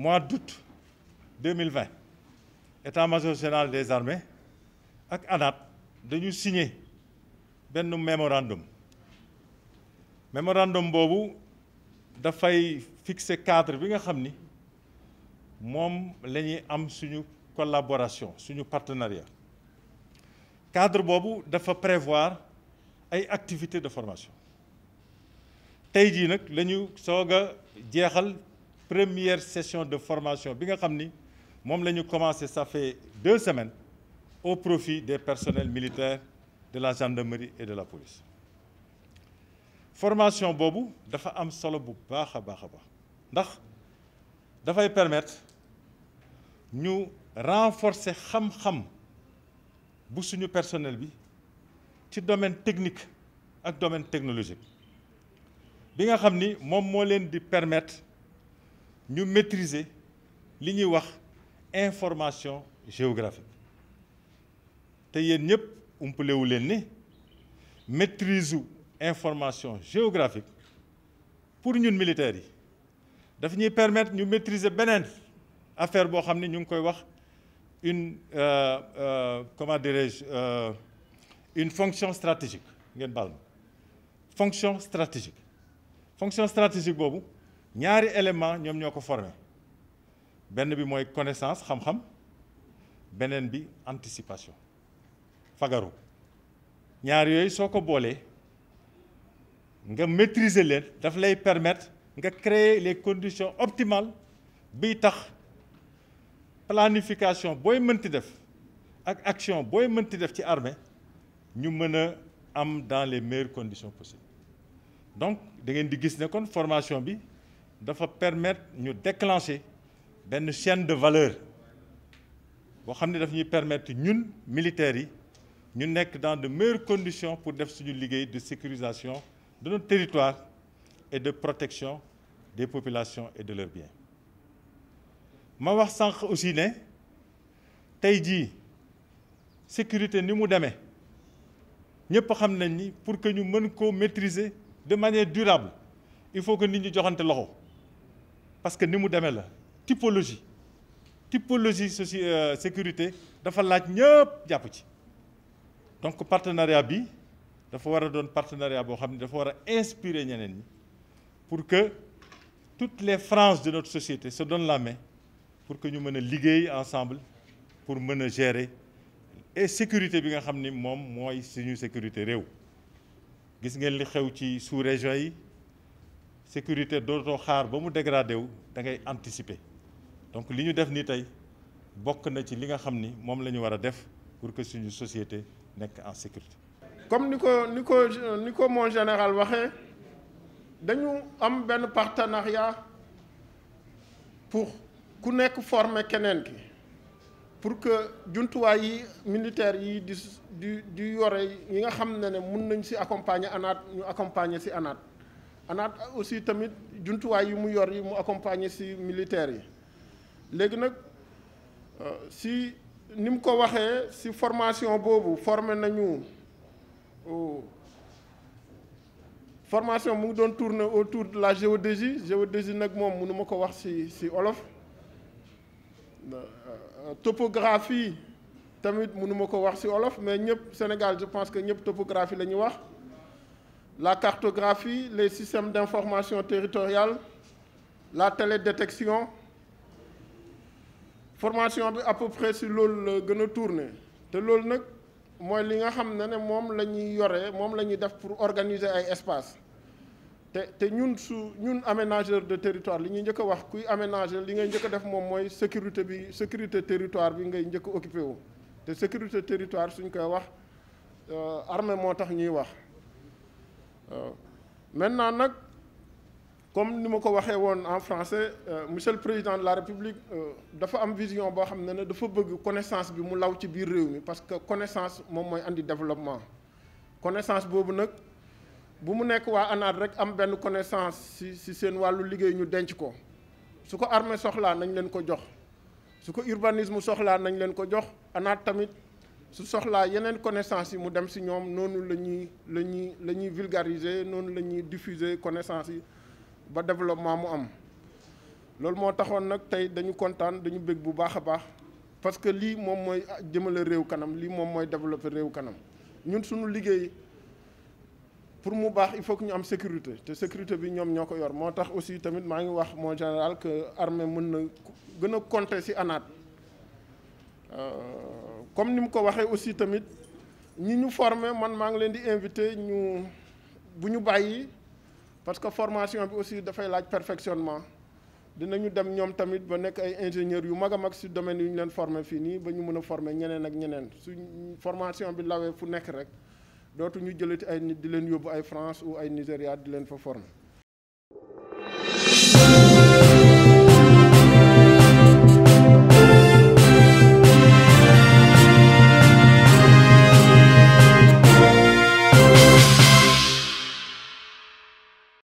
mois d'août 2020 état-major général des armées ak ANAT dañu signé benn mémorandum mémorandum boobu dafay fixer cadre bi nga xam ni moom la ñuy am suñu collaboration suñu partenariat cadre boobu dafa prévoir ay activités de formation tey jii nag la ñu soog a jeexal première session de formation bi nga xam ni moom la ñu commencé ça fait deux semaines au profit des personnels militaire de la gendarmerie et de la police formation boobu dafa am solo bu baax a baax a baax ndax dafay permettre ñu renforcer xam-xam bu suñu personnel bi ci domaine technique ak domaine technologique bi nga xam ni moom moo leen di permettre ñu maîtriser li ñuy wax information géographique te yéen ñëpp umpalewu leen ni maîtrise u information géographique pour ñun militaires yi daf ñuy permettre ñu maîtriser beneen affaire boo xam ne ñu ngi koy wax une euh, euh, comment dirais-je euh, une fonction stratégique ngeen baal ma fonction stratégique fonction stratégique boobu ñaari élément ñoom ñoo ko forme benn bi mooy connaissance xam-xam beneen bi anticipation fagaru ñaar yooyu soo ko boolee nga maîtriser leen daf lay permettre nga créer les conditions optimales biy tax planification booy mënti def ak action booy mënti def ci armée ñu mën a am dans les meilleures conditions possibles donc da ngeen di gis ne kon formation bi dafa permettre ñu déclencher benn chaine de valeur boo xam ne daf ñuy permettre ñun militaires yi ñu nekk dans de meilleures conditions pour def suñu liggéey de sécurisation de notre territoire et de protection des populations et de leur bien ma wax sànq aussi ne tey jii sécurité ni mu demee ñëpp xam nañ ni pour que ñu mën koo maitriser de manière durable il faut que nit ñi joxante loxo parce que ni mu demee la typologie typologie soci euh, sécurité dafa laaj ñëpp jàpp ci donc partenariat bi dafa war a doon partenariat boo xam ne dafa war a inspirer ñeneen ñi pour que toutes les franges de notre société se doon la main pour que ñu mën a liggéey ensemble pour mën a gérer et sécurité bi nga xam ni moom mooy suñu sécurité réew gis ngeen li xew ci sous-région yi sécurité dootoo xaar ba mu dégradé wu da ngay anticiper donc li ñu def nii tey bokk na ci li nga xam ni moom la ñu war a def pour que suñu société nekk en sécurité. comme ni ko ni ko ni ko mon général waxee dañu am benn partenariat pour ku nekk former keneen ki pour que jumtuwaay yi militaire yi di di di yore yi nga xam ne ne mun nañ si accompagner ANAT ñu accompagner si ANAT. anaat aussi tamit jumtuwaay yi mu yor yi mu accompagner ci militaires yi léegi nag euh, si ni mu ko waxee ci formation boobu formé nañu euh, formation mu ngi doon tourner autour de la géodésie géodésie nag moom mënu ma ko wax ci ci olof euh, topographie tamit mënu ma ko wax ci olof mais ñëpp Sénégal je pense que ñëpp topographie la ñuy wax la cartographie, les systèmes d'information territoriale, la télédétection, formation bi à peu près si loolu la gën a tourné te loolu nag mooy li nga xam ne ne moom la ñuy yoree moom la ñuy def pour organiser ay espace te te ñun su ñun aménageur de territoire li ñuy njëkk a wax kuy aménager li ngay njëkk def moom mooy sécurité bi sécurité territoire bi ngay njëkk a wu te sécurité territoire suñ koy wax euh, armée moo tax ñuy wax waaw euh, maintenant nag comme ni ma ko waxee woon en français euh, monsieur le président de la république euh, dafa am vision boo xam ne ne dafa bëgg connaissance bi mu law ci biir réew mi parce que connaissance moom mooy indi développement connaissance boobu nag bu mu nekk waa ANAT rek am benn connaissance si si seen wàllu liggéey ñu denc ko su ko armée soxlaa nañ leen ko jox su ko urbanisme soxlaa nañ leen ko jox anaat tamit su soxlaa yeneen connaissance yi mu dem si ñoom noonu la ñuy la ñuy la ñuy vulgariser noonu la ñuy diffuser connaissance yi ba développement mu am loolu moo taxoon nag tey dañu kontaan dañu bëgg bu baax a baax parce que lii moom mooy jëmale réew kanam lii moom mooy développer réew kanam ñun suñu liggéey pour mu baax il faut que ñu am sécurité te sécurité bi ñoom ñoo ko yor moo tax aussi tamit maa ngi wax moo général que armée mën na gën a compter si ANAT. Euh, comme ni mu ko waxee aussi tamit ñi ñu former man maa ngi leen di invité ñu bu ñu bàyyi parce que formation bi aussi dafay laaj perfectionnement dinañu dem ñoom tamit ba nekk ay ingénieur yu mag a mag si domaine yu ñu leen former fii nii ba ñu mën a former ñeneen ak ñeneen suñ formation bi lawee fu nekk rek dootu ñu jëlati ay nit di leen yóbbu ay France ou ay Nigéria di leen fa former